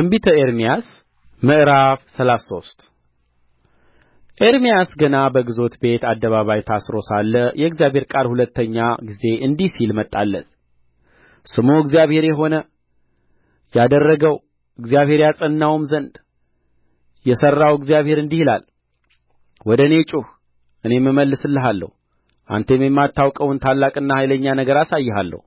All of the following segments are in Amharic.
ትንቢተ ኤርምያስ ምዕራፍ ሰላሳ ሶስት ኤርምያስ ገና በግዞት ቤት አደባባይ ታስሮ ሳለ የእግዚአብሔር ቃል ሁለተኛ ጊዜ እንዲህ ሲል መጣለት ስሙ እግዚአብሔር የሆነ ያደረገው እግዚአብሔር ያጸናውም ዘንድ የሠራው እግዚአብሔር እንዲህ ይላል ወደ እኔ ጩኽ እኔም እመልስልሃለሁ አንተም የማታውቀውን ታላቅና ኃይለኛ ነገር አሳይሃለሁ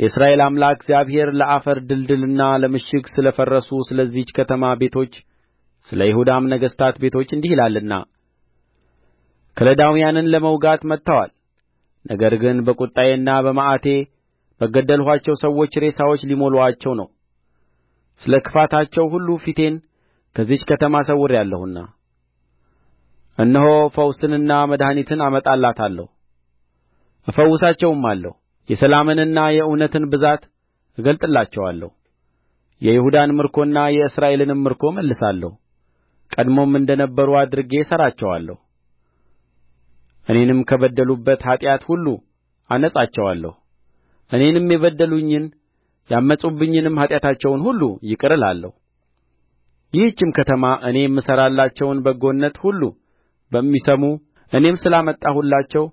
የእስራኤል አምላክ እግዚአብሔር ለአፈር ድልድልና ለምሽግ ስለ ፈረሱ ስለዚህች ከተማ ቤቶች ስለ ይሁዳም ነገሥታት ቤቶች እንዲህ ይላልና ከለዳውያንን ለመውጋት መጥተዋል ነገር ግን በቍጣዬና በመዓቴ በገደልኋቸው ሰዎች ሬሳዎች ሊሞሉአቸው ነው ስለ ክፋታቸው ሁሉ ፊቴን ከዚህች ከተማ ሰውሬአለሁና እነሆ ፈውስንና መድኃኒትን አመጣላታለሁ እፈውሳቸውማለሁ የሰላምንና የእውነትን ብዛት እገልጥላቸዋለሁ የይሁዳን ምርኮና የእስራኤልንም ምርኮ እመልሳለሁ ቀድሞም እንደ ነበሩ አድርጌ እሠራቸዋለሁ እኔንም ከበደሉበት ኃጢአት ሁሉ አነጻቸዋለሁ እኔንም የበደሉኝን ያመፁብኝንም ኃጢአታቸውን ሁሉ ይቅር እላለሁ ይህችም ከተማ እኔ የምሠራላቸውን በጎነት ሁሉ በሚሰሙ እኔም ስላመጣሁላቸው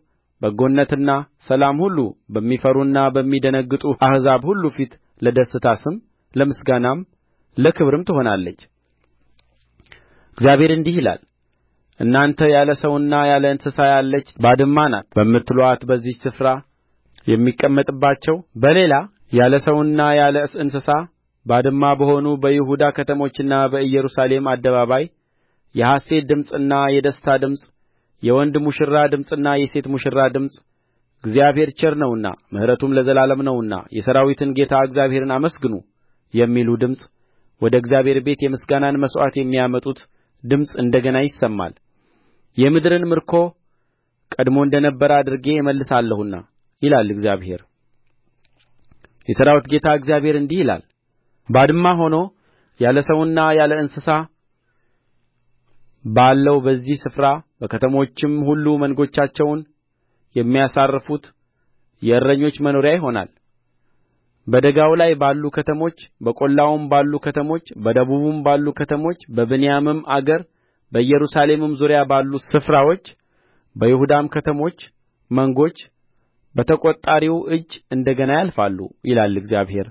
በጎነትና ሰላም ሁሉ በሚፈሩና በሚደነግጡ አሕዛብ ሁሉ ፊት ለደስታ ስም ለምስጋናም ለክብርም ትሆናለች እግዚአብሔር እንዲህ ይላል እናንተ ያለ ሰውና ያለ እንስሳ ያለች ባድማ ናት በምትሉአት በዚህች ስፍራ የሚቀመጥባቸው በሌላ ያለ ሰውና ያለ እንስሳ ባድማ በሆኑ በይሁዳ ከተሞችና በኢየሩሳሌም አደባባይ የሐሤት ድምፅና የደስታ ድምፅ የወንድ ሙሽራ ድምፅና የሴት ሙሽራ ድምፅ እግዚአብሔር ቸር ነውና ምሕረቱም ለዘላለም ነውና የሠራዊትን ጌታ እግዚአብሔርን አመስግኑ የሚሉ ድምፅ ወደ እግዚአብሔር ቤት የምስጋናን መሥዋዕት የሚያመጡት ድምፅ እንደ ገና ይሰማል የምድርን ምርኮ ቀድሞ እንደ ነበረ አድርጌ እመልሳለሁና ይላል እግዚአብሔር የሠራዊት ጌታ እግዚአብሔር እንዲህ ይላል ባድማ ሆኖ ያለ ሰውና ያለ እንስሳ ባለው በዚህ ስፍራ በከተሞችም ሁሉ መንጎቻቸውን የሚያሳርፉት የእረኞች መኖሪያ ይሆናል በደጋው ላይ ባሉ ከተሞች በቈላውም ባሉ ከተሞች በደቡብም ባሉ ከተሞች በብንያምም አገር በኢየሩሳሌምም ዙሪያ ባሉ ስፍራዎች በይሁዳም ከተሞች መንጎች በተቈጣሪው እጅ እንደ ገና ያልፋሉ ይላል እግዚአብሔር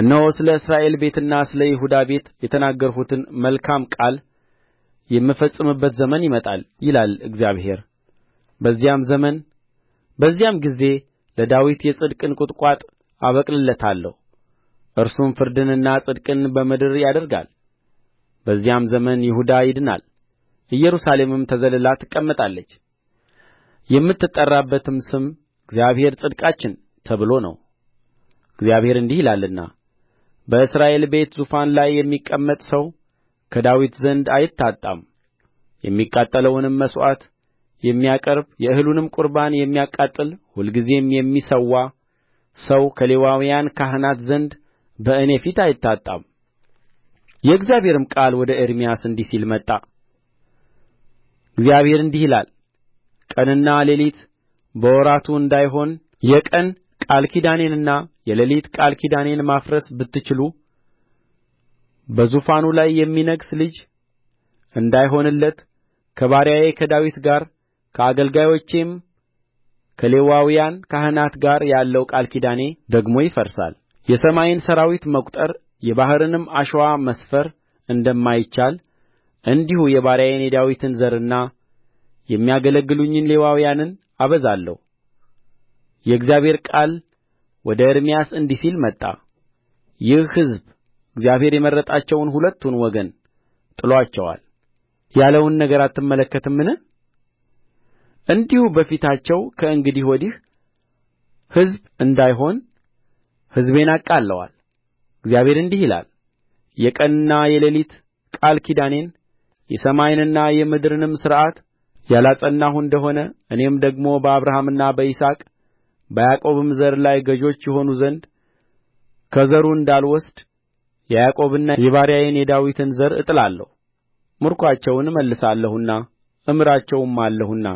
እነሆ ስለ እስራኤል ቤትና ስለ ይሁዳ ቤት የተናገርሁትን መልካም ቃል የምፈጽምበት ዘመን ይመጣል ይላል እግዚአብሔር በዚያም ዘመን በዚያም ጊዜ ለዳዊት የጽድቅን ቍጥቋጥ አበቅልለታለሁ እርሱም ፍርድንና ጽድቅን በምድር ያደርጋል በዚያም ዘመን ይሁዳ ይድናል ኢየሩሳሌምም ተዘልላ ትቀመጣለች የምትጠራበትም ስም እግዚአብሔር ጽድቃችን ተብሎ ነው እግዚአብሔር እንዲህ ይላልና በእስራኤል ቤት ዙፋን ላይ የሚቀመጥ ሰው ከዳዊት ዘንድ አይታጣም የሚቃጠለውንም መሥዋዕት የሚያቀርብ የእህሉንም ቍርባን የሚያቃጥል ሁልጊዜም የሚሠዋ ሰው ከሌዋውያን ካህናት ዘንድ በእኔ ፊት አይታጣም የእግዚአብሔርም ቃል ወደ ኤርምያስ እንዲህ ሲል መጣ እግዚአብሔር እንዲህ ይላል ቀንና ሌሊት በወራቱ እንዳይሆን የቀን ቃል ኪዳኔንና የሌሊት ቃል ኪዳኔን ማፍረስ ብትችሉ በዙፋኑ ላይ የሚነግሥ ልጅ እንዳይሆንለት ከባሪያዬ ከዳዊት ጋር ከአገልጋዮቼም ከሌዋውያን ካህናት ጋር ያለው ቃል ኪዳኔ ደግሞ ይፈርሳል የሰማይን ሠራዊት መቍጠር የባሕርንም አሸዋ መስፈር እንደማይቻል እንዲሁ የባሪያዬን የዳዊትን ዘርና የሚያገለግሉኝን ሌዋውያንን አበዛለሁ የእግዚአብሔር ቃል ወደ ኤርምያስ እንዲህ ሲል መጣ ይህ ሕዝብ እግዚአብሔር የመረጣቸውን ሁለቱን ወገን ጥሎአቸዋል ያለውን ነገር አትመለከትምን እንዲሁ በፊታቸው ከእንግዲህ ወዲህ ሕዝብ እንዳይሆን ሕዝቤን አቃልለዋል እግዚአብሔር እንዲህ ይላል የቀንና የሌሊት ቃል ኪዳኔን የሰማይንና የምድርንም ሥርዓት ያላጸናሁ እንደ ሆነ እኔም ደግሞ በአብርሃምና በይስሐቅ በያዕቆብም ዘር ላይ ገዦች ይሆኑ ዘንድ ከዘሩ እንዳልወስድ የያዕቆብንና የባሪያዬን የዳዊትን ዘር እጥላለሁ ምርኮአቸውን እመልሳለሁና እምራቸውማለሁና